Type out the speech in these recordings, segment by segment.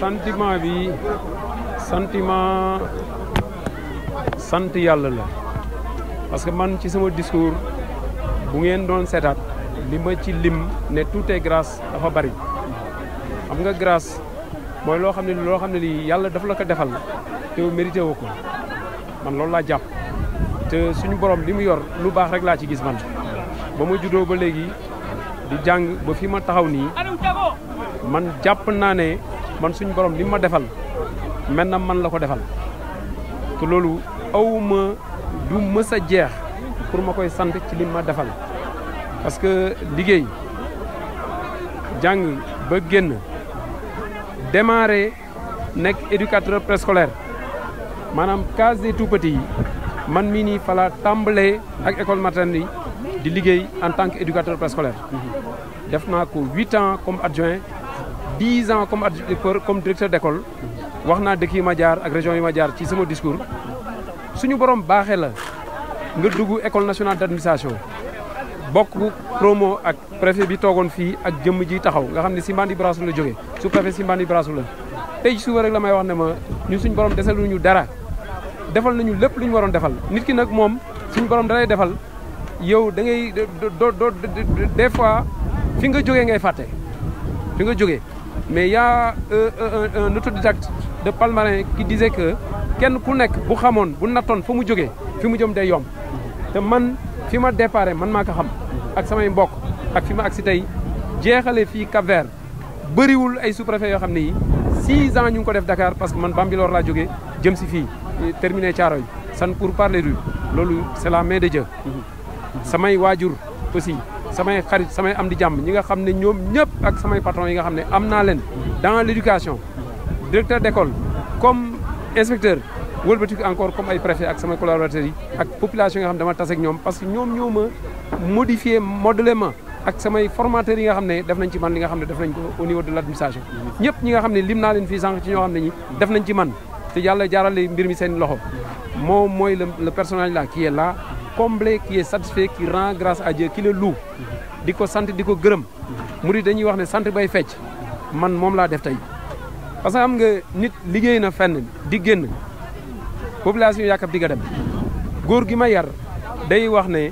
sentiment bi sentiment sant yàlla la parce que man ci sama discours bu ngeen doon seetaat li ma ci lim ne tout est grâce dafa bari xam nga grâce mooy loo xam ne loo xam ne lii yàlla dafa la ko defal te mérité woo ko man loolu laa jàpp te suñu borom li mu yor lu baax rek laa ci gis man ba ma juddoo ba léegi di jàng ba fi ma taxaw nii man jàpp naa man suñ borom li ma defal mel man la ko defal te loolu awuma du mës a jeex pour ma koy sant ci li ma defal parce que liggéey jàng ba génn démarré nekk éducateur préscolaire maanaam case des tout petits yi man mii nii fala tàmbalee ak école maternelle di liggéey en tant que éducateur préscolaire mhm. def naa ko huit ans comme adjoint dix ans comme comme directeur d'école wax naa dëkk yi ma jaar ak région yi ma jaar ci sama discours suñu borom baaxee la nga dugg école nationale d'administration bokk promo ak préfet bi toogoon fii ak jëmm ji taxaw nga xam ne Simbandi Brassou la jógee sous préfet Simbandi Brassou la tey suba rek la may wax ne ma ñun suñu borom desaluñu dara defal nañu lépp lu ñu waroon defal nit ki nag moom suñu borom dalay defal yow da ngay do do fois fi nga jógee ngay fàtte fi nga jógee mais il y' a euh, euh, un autre autodidacte de Palmarin qui disait que Ken ku nekk bu xamoon bu nattoon fa mu fi mu day te man fi ma déparé man xam ak samay mbokk ak fi ma j'ai fi ay sous-préfet ans ñu ko Dakar parce que man Bambilor jëm si fi. terminé ça san pour parler rue rues, c'est la main de Dieu mhm. samay wajur. aussi samay xarit samay am di jàmm ñi nga xamné ne ñoom ñëpp ak samay patron yi nga xamné amna len dans l'éducation directeur d'école comme inspecteur wëlbatiku encore comme ay préfet ak samay collaborateurs yi ak population yi nga xamné dama tass ak ñoom parce que ñoom ñoma modifier modifié ma ak samay formateurs yi nga xamné def nañ ci man li nga xamné def nañ ko au niveau de l'administration administration ñëpp ñi nga xamné lim na len fi sànq ci ñoo xamné ni def nañ ci man te yàlla jaarale mbir mi seen loxo mom moy le personnage là qui est là comblé qui est satisfait qui rend grâce à Dieu qui le loue di ko sant di murid dañuy wax ne sant bay fecc man mom la def tay parce que am nga nit liggéey na fenn di génn population yaakab di nga dem góor gi ma yar day wax ne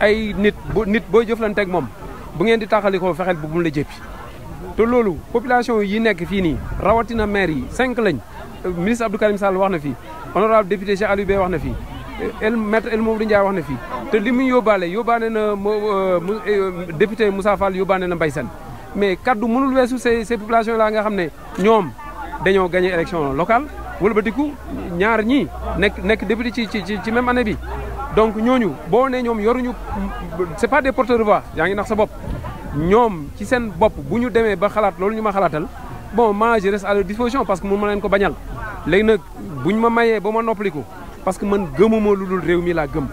ay nit bu nit booy ak mom bu ngeen di taxaliko fexel bu mu la jëppi te loolu population yi nekk fii nii rawatina maire yi 5 lañ euh, ministre Abdou Karim Sall wax na fii honorable député Cheikh Aliou Bey wax na fii el maître el Mamadou Ndiaye wax na fii te li muy yóbbaale yóbbaane na euh, euh, député Moussa Fall yóbbaane na Mbaye Sène mais kaddu mënul weesu ces ces populations là nga xam ne ñoom gagné élection locale wëlbatiku ñaar ñii nekk nekk député ci ci ci même année bi donc ñooñu boo nee ñoom yoruñu c'est pas des porteurs de voix yaa ngi nax sa bop ñoom ci seen bop bu ñu demee ba xalaat loolu ñu ma xalaatal bon moi je reste à leur disposition parce que mun ma leen ko bañal léegi nag buñ ma mayee ba ma parce que man gëmuma lu dul réew mi laa gëm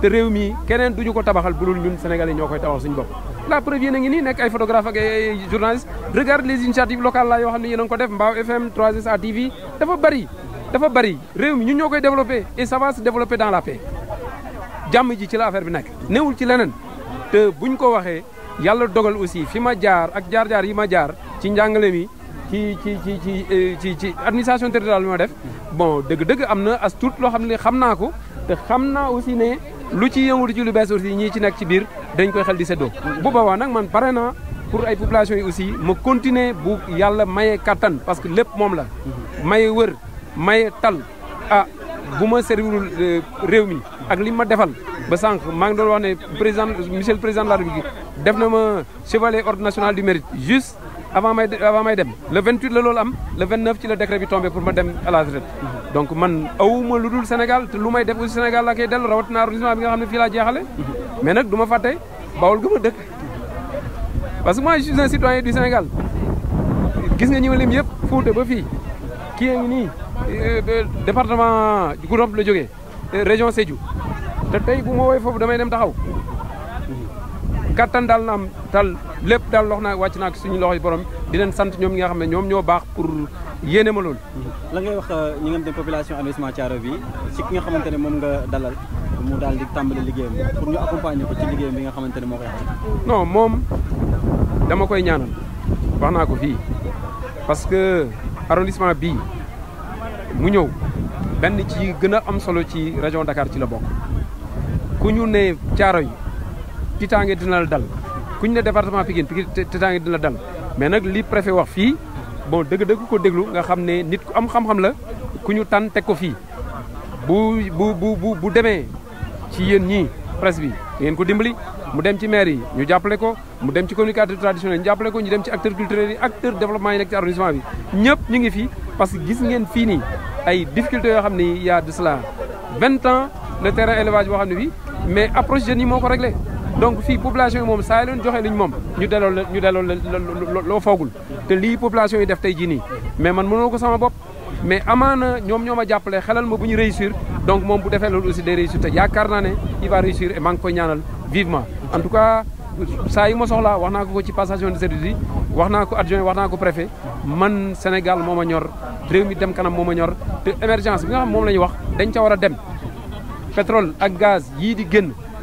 te réew mi keneen du ñu ko tabaxal bu dul ñun sénégalais ñoo koy tabax suñu bopp la preuve ngi nii nekk ay photographe ak ay journaliste regarde les initiatives locales la yoo xam ne yéen a ko def Mbao FM 3SA TV dafa bari dafa bari réew mi ñun ñoo koy développé et ça va se développer dans la paix jàmm ji ci la affaire bi nekk newul ci leneen te ñu ko waxee yàlla dogal aussi fi ma jaar ak jaar-jaar yi ma jaar ci njàngale mi ci ci ci ci euh, ci ci administration territoriale bi ma def bon dëgg-dëgg am na as tuut loo xam ne xam naa ko te xam naa aussi ne lu ci yëngatu ci lu bees aussi ñi ci nekk ci biir dañ koy xel di seddoo bu boobaa nag man pare naa pour ay population yi aussi ma continuer bu yàlla mayee kattan parce que lépp moom la maye wër maye tal ah bu ma servirul euh, réew mi ak li ma defal ba sànq maa ngi doon wax ne président monsieur le président de la def na ma chevalier ordre national du mérite juste avant may avant may dem le 28 la loolu am le 29 ci le décret bi tombé pour ma dem à la retraite donc man awuma lu dul Sénégal te lu may def aussi Sénégal laa koy dellu rawatina arrondissement bi nga xam ne fii laa jeexale mais nag du ma fàtte bawul gëm a dëkk parce que moi je suis un citoyen du Sénégal gis nga ñëw lim yëpp Fuuta ba fii kii a ngi nii euh, département Goudomp la jógee région Sédhiou te tey bu ma woowee foofu damay dem taxaw kattan daal naam tal lépp daal lox naa wàcc naa ak suñu loxoy borom di leen sant ñoom ñi nga xam ne ñoom ñoo baax pour yéene ma loolu. la ngay wax euh, ñi nga xam ne population arrondissement Thiaroye bi ci ki nga xamante ne moom nga dalal mu daal di tàmbali liggéeyam pour ñu accompagner ko ci liggéeyam bi nga xamante ne moo koy xam. non moom dama koy ñaanal wax naa ko fii parce que arrondissement bi mu ñëw benn ci gën a am solo ci région Dakar ci la bokk ku ñu ne caaro Thiaroye. titangé dina la dal kuñ né département Pikine titangé dina la dal mais nak li préfet wax fi bon deug deug ko déglu nga xamné nit ku am xam-xam la kuñu tan tànn ko fi bu bu bu bu démé ci yeen ñi presse bi ngeen ko dimbali mu dem ci maire yi ñu jàppale ko mu dem ci communicateur traditionnel ñu jàppale ko ñu dem ci acteur culturel yi acteur développement yi nekk ci arrondissement bi ñëpp ñu ngi fi parce que gis ngeen fii nii ay difficultés yoo xam ne y a de cela 20 ans le terrain élevage boo xam ne bi mais approche jeunes yi moo ko réglé donc fii population mom sa saa yi leen joxe liñ moom ñu delloo ñu delloo lo fogul foogul te lii population yi def tay jii nii mais man mënoo ko sama bop mais amana ñom ñoma jappalé jàppale xelal ma buñu réussir donc mom bu défé loolu aussi des réussir te yaakaar naa il va réussir et maa ngi koy ñaanal vivement en tout cas sa yi ma soxlaa wax ko ko ci passation de service yi ko adjoint wax ko préfet man Sénégal moma ñor réew mi dem kanam moma ñor te émergence bi nga xam moom la wax dañ ca wara dem pétrole ak gaz yi di génn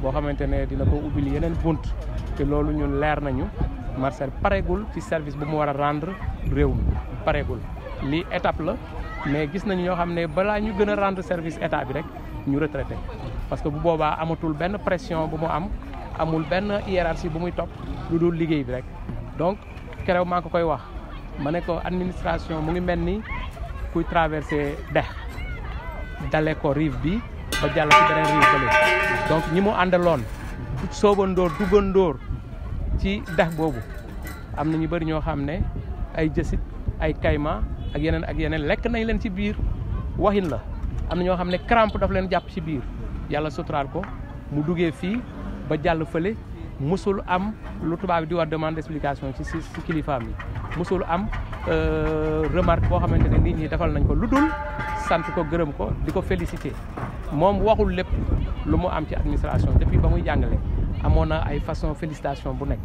boo xamante ne dina ko ubbil yeneen bunt te loolu ñun leer nañu Marcel paregul ci service bu mu war a rendre réew mi paregul lii étape la mais gis nañu ñoo xam ne balaa ñu gën a rendre service état bi rek ñu retraité parce que bu boobaa amatul benn pression bu mu am amul benn hiérarchie bu muy topp lu dul liggéey bi rek donc kerew maa ko koy wax ma ne ko administration mu ngi mel ni kuy traversé dex dale ko rive bi ba jàll ci beneen riw bële donc ñi mu àndaloon soobandoor duggandoor ci dex boobu am na ñu bëri ñoo xam ne ay jësit ay kayma ak yeneen ak yeneen lekk nañ leen ci biir waxin la am na ñoo xam ne crampe daf leen jàpp ci biir yàlla suturaal ko mu duggee fii ba jàll fële musul am lu tubaab bi di war demande explication ci si kilifaam yi musul am euh, remarque boo xamante ne nit ñi defal nañ ko lu dul sant ko gërëm ko di ko félicité moom waxul lépp lu mu am ci administration depuis ba muy jàngale amoon na ay façon félicitation bu nekk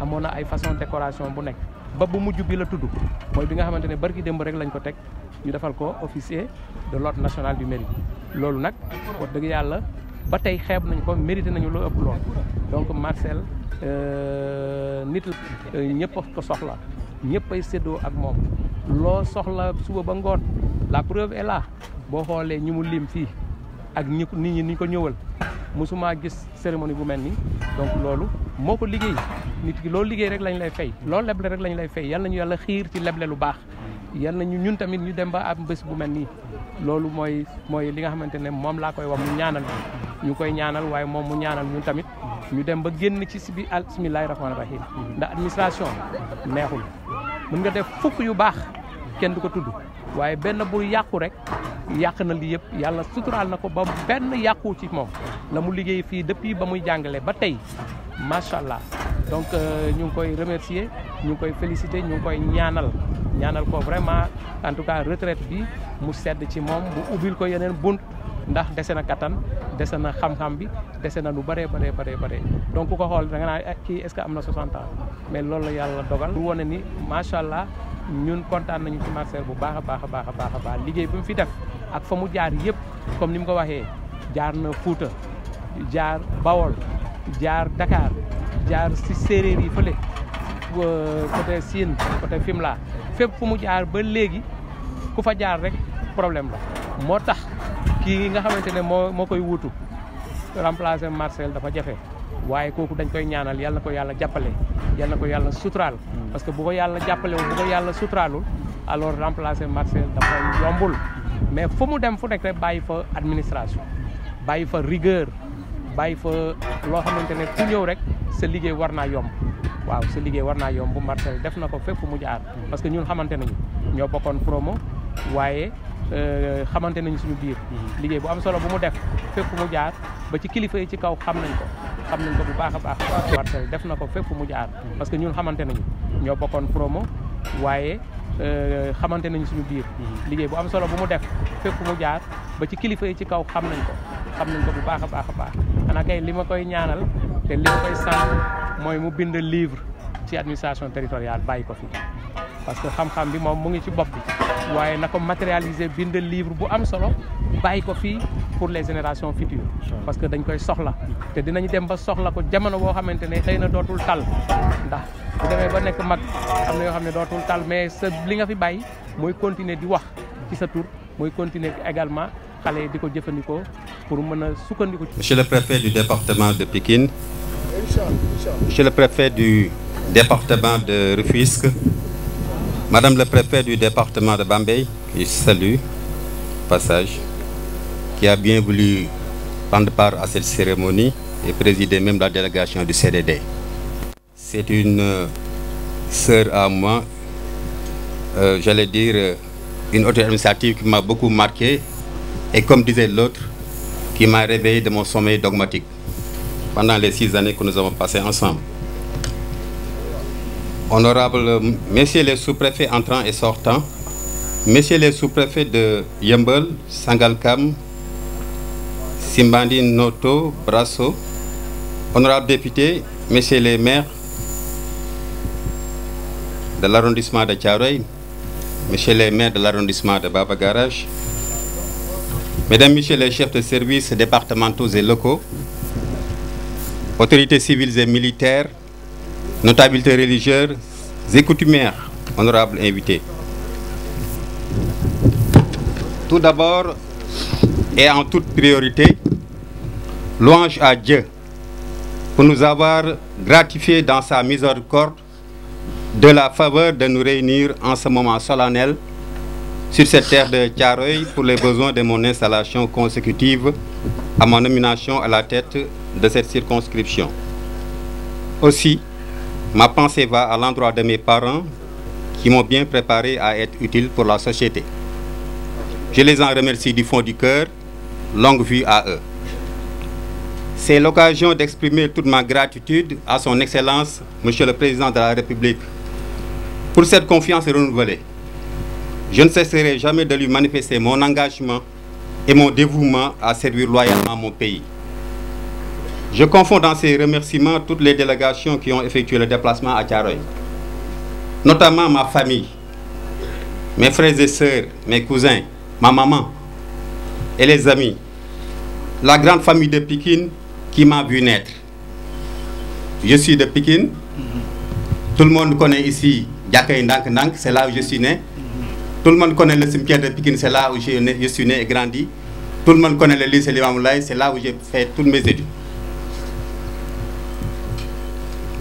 amoon na ay façon décoration bu nekk ba bu mujj bi la tudd mooy bi nga xamante ne barki démb rek lañ ko teg ñu defal ko officier de l'ordre national du mérite loolu nag dëgg yàlla ba tey xeeb nañ ko mérité nañu lu ëpp lool donc Marcel euh, nit ñëpp ko soxla ñëpp ay séddoo ak moom loo soxla suba ba ngoon la preuve est là boo xoolee ñu mu lim fii ak ñi nit ñi ni ko ñëwal musuma gis cérémonie bu melni ni donc loolu moko liggéey nit ki loolu liggéey rek lañ lay fay loolu leble rek lañ lay fay yalla nañu yalla xiir ci leble lu baax yalla nañu ñun tamit ñu dem ba am bés bu melni nii loolu moy mooy li nga xamantene mom la koy wax mu ñaanal ñu koy ñaanal waye mom mu ñaanal ñun tamit ñu dem ba génn ci si bi bismillahi rahim da administration neexul mën nga def fukk yu baax kenn du ko tudd waaye bu yaqku rek yak na li yep yalla sutural nako ba ben yàqu ci mom la mu liggéey fii depuis ba muy ba allah donc euh, ñu koy remercier ñu felicite, koy féliciter ñu koy ñaanal ñaanal ko vraiment en tout cas retraite bi mu sedd ci mom bu ubil ko yenen bunt ndax desa na kattan na xam-xam bi dese na lu bare bare bare bare donc ko xol da nga naan est ce amna 60 ans mais lool la yalla dogal. du woné ni macha allah ñun contane nañu ci Marcel bu baaxa baaxa baaxa baaxa ba liggey bu fi def. ak fa mu jaar yëpp comme ni mu ko waxee jaar na Fouta jaar Bawol jaar Dakar jaar si séeréer yi fële côté Sine côté Fimela fépp fu mu jaar ba léegi ku fa jaar rek problème la moo tax kii nga xamante ne moo moo koy wutu remplacer Marcel dafa jafe waaye kooku dañ koy ñaanal yàlla na ko yàlla jàppale yàlla na ko yàlla sutural parce que bu ko yàlla jàppalewul bu ko yàlla suturaalul alors remplacer Marcel dafa yombul mais fu mu dem fu nekk rek bàyyi fa administration bàyyi fa rigueur bàyyi fa loo xamante ne ku ñëw rek sa liggéey war naa yomb waaw sa liggéey war naa yomb bu Marcel def na ko fépp mu jaar parce que ñun xamante nañu ñoo bokkoon promo waaye euh, xamante nañu suñu biir liggéey bu am solo bu mu def fépp mu jaar ba ci kilifa yi ci kaw xam nañ ko xam nañ ko bu baax a baax Marcel def na ko fépp mu jaar parce que ñun xamante nañu ñoo bokkoon promo waaye Euh, xamante nañ suñu biir liggéey bu am solo bu mu def fépp mu jaar ba ci kilifa yi ci kaw xam nañ ko xam nañ ko bu baax a baax a baax xanaa kay li ma koy ñaanal te li koy sant mooy mu bind livre ci administration territoriale bàyyi ko fi parce que xam-xam bi moom mu ngi ci bopp bi waaye na ko matérialiser bind livre bu am solo bàyyi ko fii pour les générations futures parce que dañ koy soxla te dinañu dem ba soxla ko jamono boo xamante ne xëy na dootul tal ndax bu demee ba nekk mag am na yoo xam ne dootul tal mais sa li nga fi bàyyi mooy continuer di wax ci sa tur mooy continuer également xale yi di ko jëfandikoo pour mën a sukkandiku. Monsieur le préfet du département de Pikine. Monsieur le préfet du département de Rufisque. Madame le préfet du département de Bambay, je salue, passage, qui a bien voulu prendre part à cette cérémonie et présider même la délégation du CDD. C'est une euh, sœur à moi, euh, j'allais dire, euh, une autre initiative qui m'a beaucoup marquée et comme disait l'autre, qui m'a réveillé de mon sommeil dogmatique pendant les six années que nous avons passées ensemble honorables messieurs les sous-préfets entrants et sortants, messieurs les sous-préfets de Yembel, Sangalkam, Simbandi Noto, Brasso, honorables députés, messieurs les maires de l'arrondissement de Tcharoy, messieurs les maires de l'arrondissement de Baba mesdames, messieurs les chefs de services départementaux et locaux, autorités civiles et militaires, Notabilité religieuse et honorable honorables invités. Tout d'abord et en toute priorité, louange à Dieu pour nous avoir gratifié dans sa miséricorde de la faveur de nous réunir en ce moment solennel sur cette terre de Tiaroy pour les besoins de mon installation consécutive à mon nomination à la tête de cette circonscription. Aussi, Ma pensée va à l'endroit de mes parents qui m'ont bien préparé à être utile pour la société. Je les en remercie du fond du cœur. Longue vue à eux. C'est l'occasion d'exprimer toute ma gratitude à son Excellence, Monsieur le Président de la République, pour cette confiance renouvelée. Je ne cesserai jamais de lui manifester mon engagement et mon dévouement à servir loyalement mon pays. Je confonds dans ces remerciements toutes les délégations qui ont effectué le déplacement à Tiaroy, notamment ma famille, mes frères et sœurs, mes cousins, ma maman et les amis, la grande famille de Pékin qui m'a vu naître. Je suis de Pékin, tout le monde connaît ici Yakay Ndank c'est là où je suis né. Tout le monde connaît le cimetière de Pékin, c'est là où je suis né et grandi. Tout le monde connaît le lycée Limamoulaye, c'est là où j'ai fait tous mes études.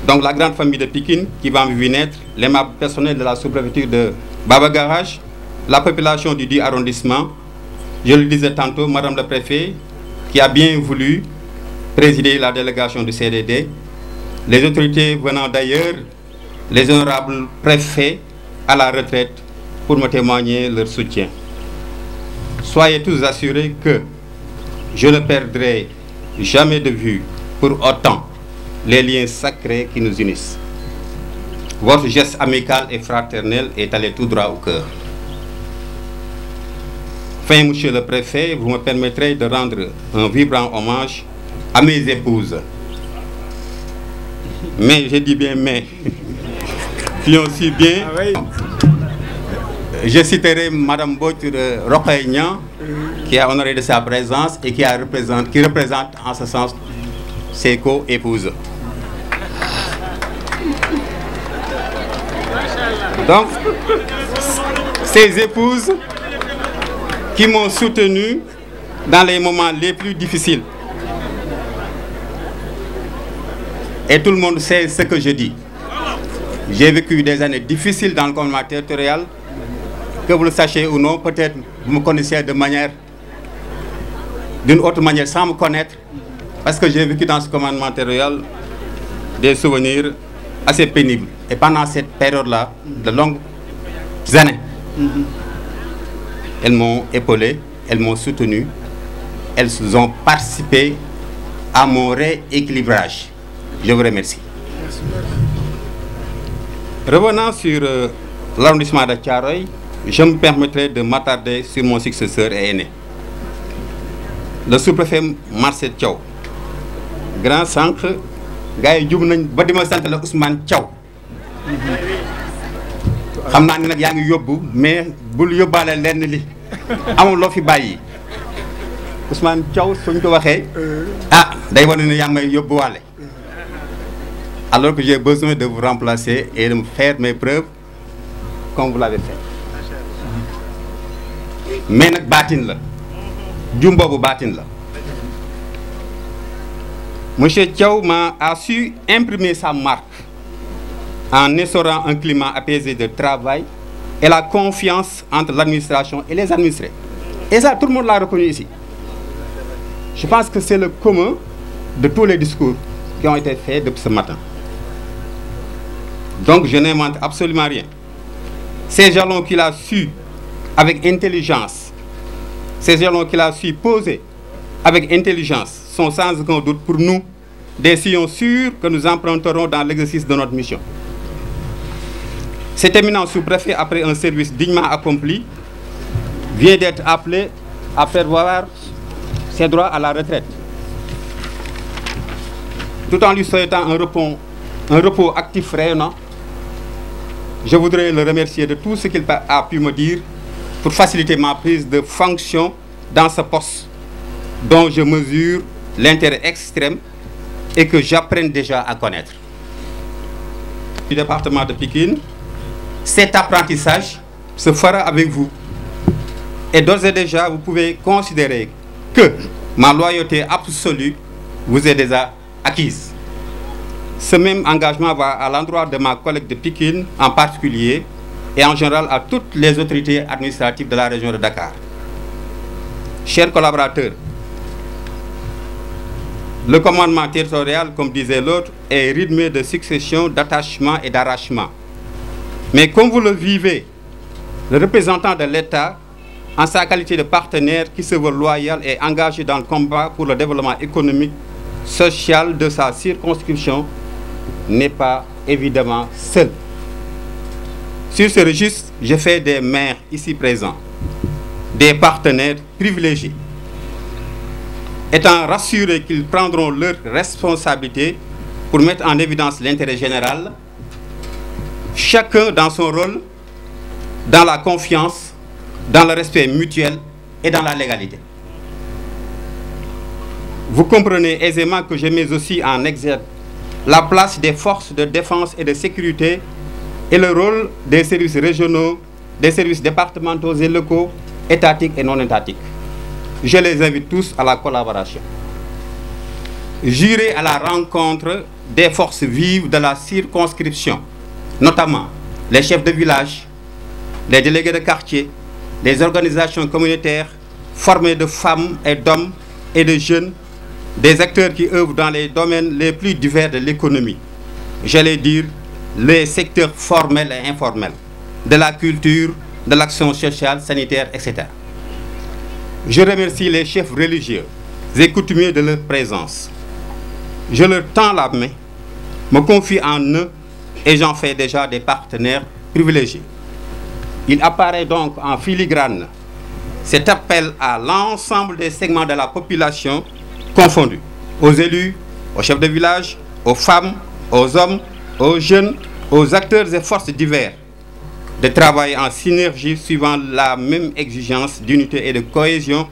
Donc la grande famille de Pikine qui va en vivre naître, les membres personnels de la sous-préfecture de Baba la population du dit arrondissement, je le disais tantôt, Madame le Préfet, qui a bien voulu présider la délégation du CDD, les autorités venant d'ailleurs, les honorables préfets à la retraite pour me témoigner leur soutien. Soyez tous assurés que je ne perdrai jamais de vue pour autant les liens sacrés qui nous unissent. Votre geste amical et fraternel est allé tout droit au cœur. Enfin, Monsieur le Préfet, vous me permettrez de rendre un vibrant hommage à mes épouses. Mais, je dis bien mais, puis aussi bien... Ah je citerai Madame de Rocaignan, qui a honoré de sa présence et qui représente en ce sens ses co-épouses. Donc, ces épouses qui m'ont soutenu dans les moments les plus difficiles. Et tout le monde sait ce que je dis. J'ai vécu des années difficiles dans le commandement territorial. Que vous le sachiez ou non, peut-être vous me connaissez de manière, d'une autre manière, sans me connaître. Parce que j'ai vécu dans ce commandement territorial des souvenirs assez pénible. Et pendant cette période-là, de longues années, elles m'ont épaulé, elles m'ont soutenu, elles ont participé à mon rééquilibrage. Je vous remercie. Revenant sur euh, l'arrondissement de Tiaroy, je me permettrai de m'attarder sur mon successeur et aîné. Le sous-préfet Marcel Tchao, grand centre gars yi nañ ba di ma sant la Ousmane Thiaw xam naa ne nag yaa ngi yóbbu mais bul yóbbaale lenn li amul lo fi bayyi Ousmane Thiaw suñ ko waxee ah day wane ne yaa yobbu walé alors que j'ai besoin de vous remplacer et de me faire mes preuves comme vous l'avez fait mais nak batine la jum boobu batine la M. Tchaouma a su imprimer sa marque en instaurant un climat apaisé de travail et la confiance entre l'administration et les administrés. Et ça, tout le monde l'a reconnu ici. Je pense que c'est le commun de tous les discours qui ont été faits depuis ce matin. Donc je n'invente absolument rien. Ces jalons qu'il a su avec intelligence, ces jalons qu'il a su poser avec intelligence, sont sans aucun doute pour nous des sillons sûrs que nous emprunterons dans l'exercice de notre mission. Cet éminent sous-préfet, après un service dignement accompli, vient d'être appelé à faire voir ses droits à la retraite. Tout en lui souhaitant un repos, un repos actif rayonnant, je voudrais le remercier de tout ce qu'il a pu me dire pour faciliter ma prise de fonction dans ce poste dont je mesure l'intérêt extrême et que j'apprenne déjà à connaître. Du département de Pékin, cet apprentissage se fera avec vous. Et d'ores et déjà, vous pouvez considérer que ma loyauté absolue vous est déjà acquise. Ce même engagement va à l'endroit de ma collègue de Pékin en particulier et en général à toutes les autorités administratives de la région de Dakar. Chers collaborateurs, le commandement territorial, comme disait l'autre, est rythmé de succession, d'attachement et d'arrachement. Mais comme vous le vivez, le représentant de l'État, en sa qualité de partenaire qui se veut loyal et engagé dans le combat pour le développement économique, social de sa circonscription, n'est pas évidemment seul. Sur ce registre, je fais des maires ici présents, des partenaires privilégiés étant rassurés qu'ils prendront leurs responsabilités pour mettre en évidence l'intérêt général, chacun dans son rôle, dans la confiance, dans le respect mutuel et dans la légalité. Vous comprenez aisément que je mets aussi en exergue la place des forces de défense et de sécurité et le rôle des services régionaux, des services départementaux et locaux, étatiques et non étatiques. Je les invite tous à la collaboration. J'irai à la rencontre des forces vives de la circonscription, notamment les chefs de village, les délégués de quartier, les organisations communautaires formées de femmes et d'hommes et de jeunes, des acteurs qui œuvrent dans les domaines les plus divers de l'économie. J'allais dire les secteurs formels et informels, de la culture, de l'action sociale, sanitaire, etc. Je remercie les chefs religieux et mieux de leur présence. Je leur tends la main, me confie en eux et j'en fais déjà des partenaires privilégiés. Il apparaît donc en filigrane cet appel à l'ensemble des segments de la population confondus, aux élus, aux chefs de village, aux femmes, aux hommes, aux jeunes, aux acteurs et forces divers de travailler en synergie suivant la même exigence d'unité et de cohésion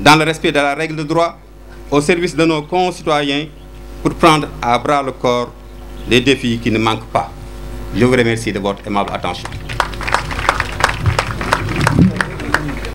dans le respect de la règle de droit au service de nos concitoyens pour prendre à bras le corps les défis qui ne manquent pas. Je vous remercie de votre aimable attention.